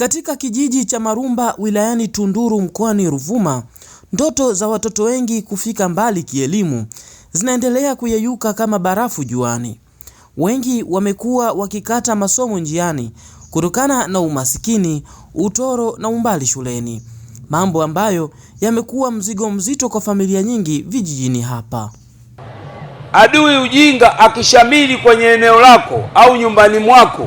Katika kijiji cha Marumba wilayani Tunduru mkoani Ruvuma, ndoto za watoto wengi kufika mbali kielimu zinaendelea kuyeyuka kama barafu juani. Wengi wamekuwa wakikata masomo njiani kutokana na umasikini, utoro na umbali shuleni, mambo ambayo yamekuwa mzigo mzito kwa familia nyingi vijijini hapa. Adui ujinga akishamili kwenye eneo lako au nyumbani mwako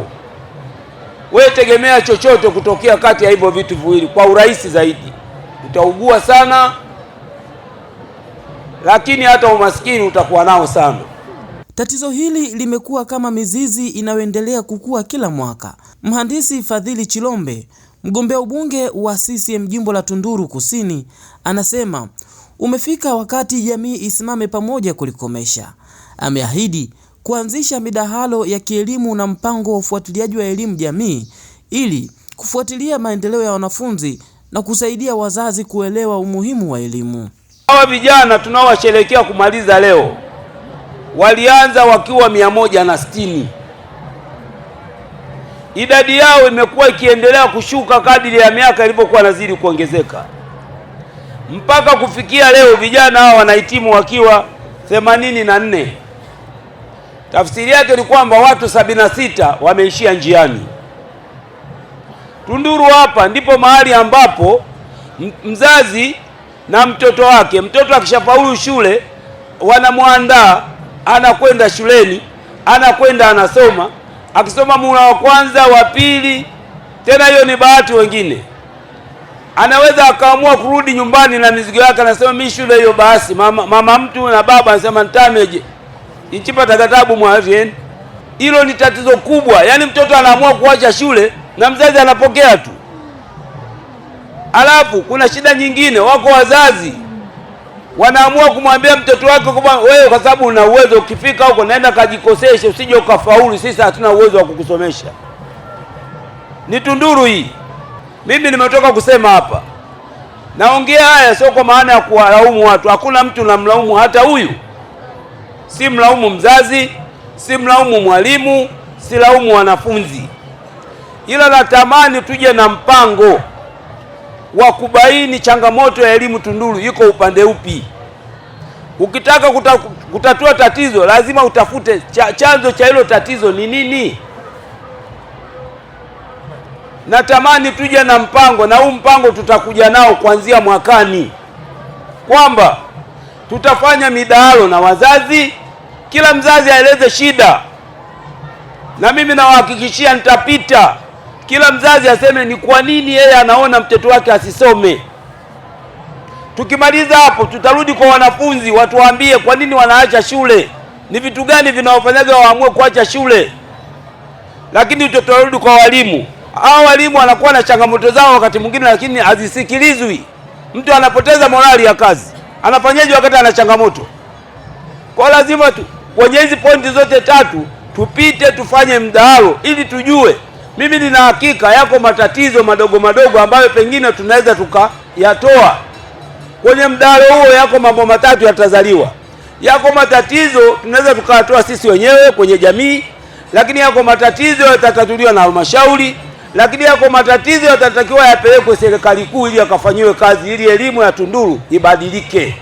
wewe tegemea chochote kutokea kati ya hivyo vitu viwili kwa urahisi zaidi. Utaugua sana, lakini hata umaskini utakuwa nao sana. Tatizo hili limekuwa kama mizizi inayoendelea kukua kila mwaka. Mhandisi Fadhili Chilombe, mgombea ubunge wa CCM jimbo la Tunduru Kusini, anasema umefika wakati jamii isimame pamoja kulikomesha. Ameahidi kuanzisha midahalo ya kielimu na mpango wa ufuatiliaji wa elimu jamii ili kufuatilia maendeleo ya wanafunzi na kusaidia wazazi kuelewa umuhimu wa elimu. Hawa vijana tunaowasherehekea kumaliza leo walianza wakiwa mia moja na sitini. Idadi yao imekuwa ikiendelea kushuka kadiri ya miaka ilivyokuwa nazidi kuongezeka mpaka kufikia leo vijana hawa wanahitimu wakiwa themanini na nne. Tafsiri yake ni kwamba watu sabini na sita wameishia njiani. Tunduru hapa ndipo mahali ambapo mzazi na mtoto wake, mtoto akishafaulu shule wanamwandaa, anakwenda shuleni, anakwenda anasoma, akisoma muhula wa kwanza, wa pili, tena hiyo ni bahati. Wengine anaweza akaamua kurudi nyumbani na mizigo yake, anasema mimi shule hiyo basi. Mama, mama mtu na baba anasema ntameje nchipata ghadhabu mwavyeni. Hilo ni tatizo kubwa, yaani mtoto anaamua kuacha shule na mzazi anapokea tu. Alafu kuna shida nyingine, wako wazazi wanaamua kumwambia mtoto wake kwamba wewe, kwa sababu una uwezo, ukifika huko naenda kajikoseshe, usije ukafaulu, sisi hatuna uwezo wa kukusomesha. Ni tunduru hii. Mimi nimetoka kusema hapa, naongea haya sio kwa maana ya kuwalaumu watu, hakuna mtu namlaumu, hata huyu si mlaumu mzazi, si mlaumu mwalimu, si laumu wanafunzi, ila natamani tuje na mpango wa kubaini changamoto ya elimu Tunduru iko upande upi. Ukitaka kuta, kutatua tatizo lazima utafute cha, chanzo cha hilo tatizo ni nini. Natamani tuje na mpango, na huu mpango tutakuja nao kuanzia mwakani, kwamba tutafanya midahalo na wazazi, kila mzazi aeleze shida, na mimi nawahakikishia nitapita. Kila mzazi aseme ni kwa nini yeye anaona mtoto wake asisome. Tukimaliza hapo, tutarudi kwa wanafunzi, watuambie kwa nini wanaacha shule, ni vitu gani vinawafanyaga waamue kuacha shule. Lakini tutarudi kwa walimu. Hao walimu wanakuwa na changamoto zao wakati mwingine, lakini hazisikilizwi. Mtu anapoteza morali ya kazi, anafanyaje wakati ana changamoto? Kwa lazima tu kwenye hizi pointi zote tatu tupite, tufanye mdahalo ili tujue. Mimi nina hakika yako matatizo madogo madogo ambayo pengine tunaweza tukayatoa kwenye mdahalo huo. Yako mambo matatu yatazaliwa, yako matatizo tunaweza tukayatoa sisi wenyewe kwenye jamii, lakini yako matatizo yatatatuliwa na halmashauri lakini yako matatizo yatatakiwa yapelekwe serikali kuu ili yakafanyiwe kazi ili elimu ya Tunduru ibadilike.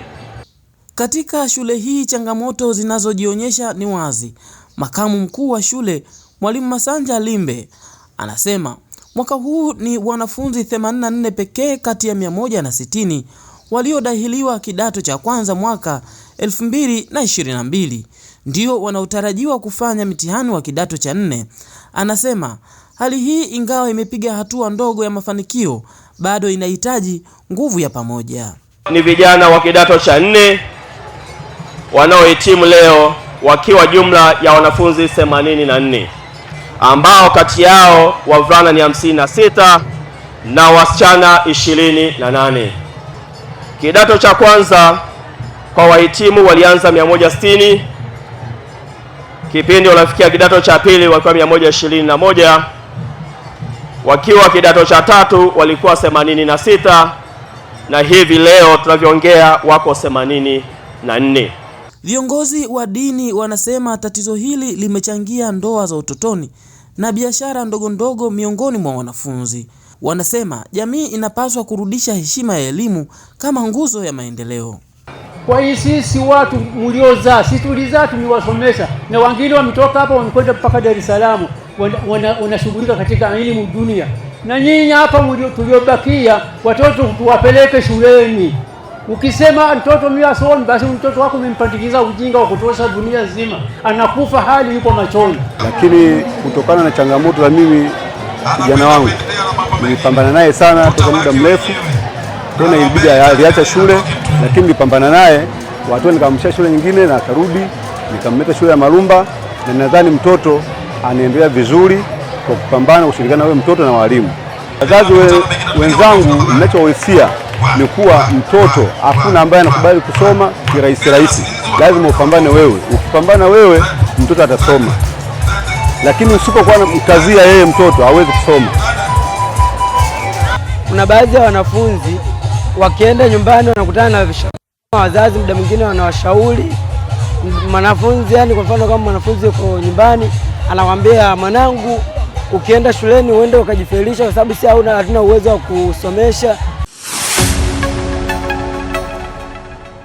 Katika shule hii changamoto zinazojionyesha ni wazi. Makamu mkuu wa shule Mwalimu Masanja Limbe anasema mwaka huu ni wanafunzi 84 pekee kati ya 160 waliodahiliwa kidato cha kwanza mwaka 2022 ndio wanaotarajiwa kufanya mtihani wa kidato cha nne. Anasema hali hii ingawa imepiga hatua ndogo ya mafanikio, bado inahitaji nguvu ya pamoja. Ni vijana wa kidato cha nne wanaohitimu leo wakiwa jumla ya wanafunzi 84 ambao kati yao wavulana ni 56 na wasichana 28. Kidato cha kwanza kwa wahitimu walianza 160, kipindi wanafikia kidato cha pili wakiwa 121, wakiwa kidato cha tatu walikuwa 86 na hivi leo tunavyoongea wako 84. Viongozi wa dini wanasema tatizo hili limechangia ndoa za utotoni na biashara ndogo ndogo miongoni mwa wanafunzi. Wanasema jamii inapaswa kurudisha heshima ya elimu kama nguzo ya maendeleo. Kwa hii sisi watu mliozaa, sisi tulizaa, tuliwasomesha na wengine wametoka hapa wamekwenda mpaka Dar es Salaam, wanashughulika wana katika elimu dunia, na nyinyi hapa tuliobakia, watoto tuwapeleke shuleni. Ukisema mtoto mimi asomi, basi mtoto wako umempandikiza ujinga wa kutosha dunia nzima, anakufa hali yuko machoni. Lakini kutokana na changamoto za mimi kijana wangu nilipambana naye sana toka muda mrefu, tena ilibidi aliacha shule, lakini nilipambana naye watu, nikamsha shule nyingine na akarudi, nikamleta shule ya malumba na nadhani mtoto anaendelea vizuri kwa kupambana, kushirikiana wewe mtoto na walimu. Wazazi wenzangu, mnachowahusia ni kuwa mtoto, hakuna ambaye anakubali kusoma kirahisi rahisi, lazima upambane wewe. Ukipambana wewe, mtoto atasoma, lakini usipokuwa mkazia yeye, mtoto hawezi kusoma. Kuna baadhi ya wanafunzi wakienda nyumbani wanakutana na wazazi, muda mwingine wanawashauri mwanafunzi, yani kwa mfano kama mwanafunzi yuko nyumbani anakwambia mwanangu, ukienda shuleni uende ukajifelisha, kwa sababu si hatuna uwezo wa kusomesha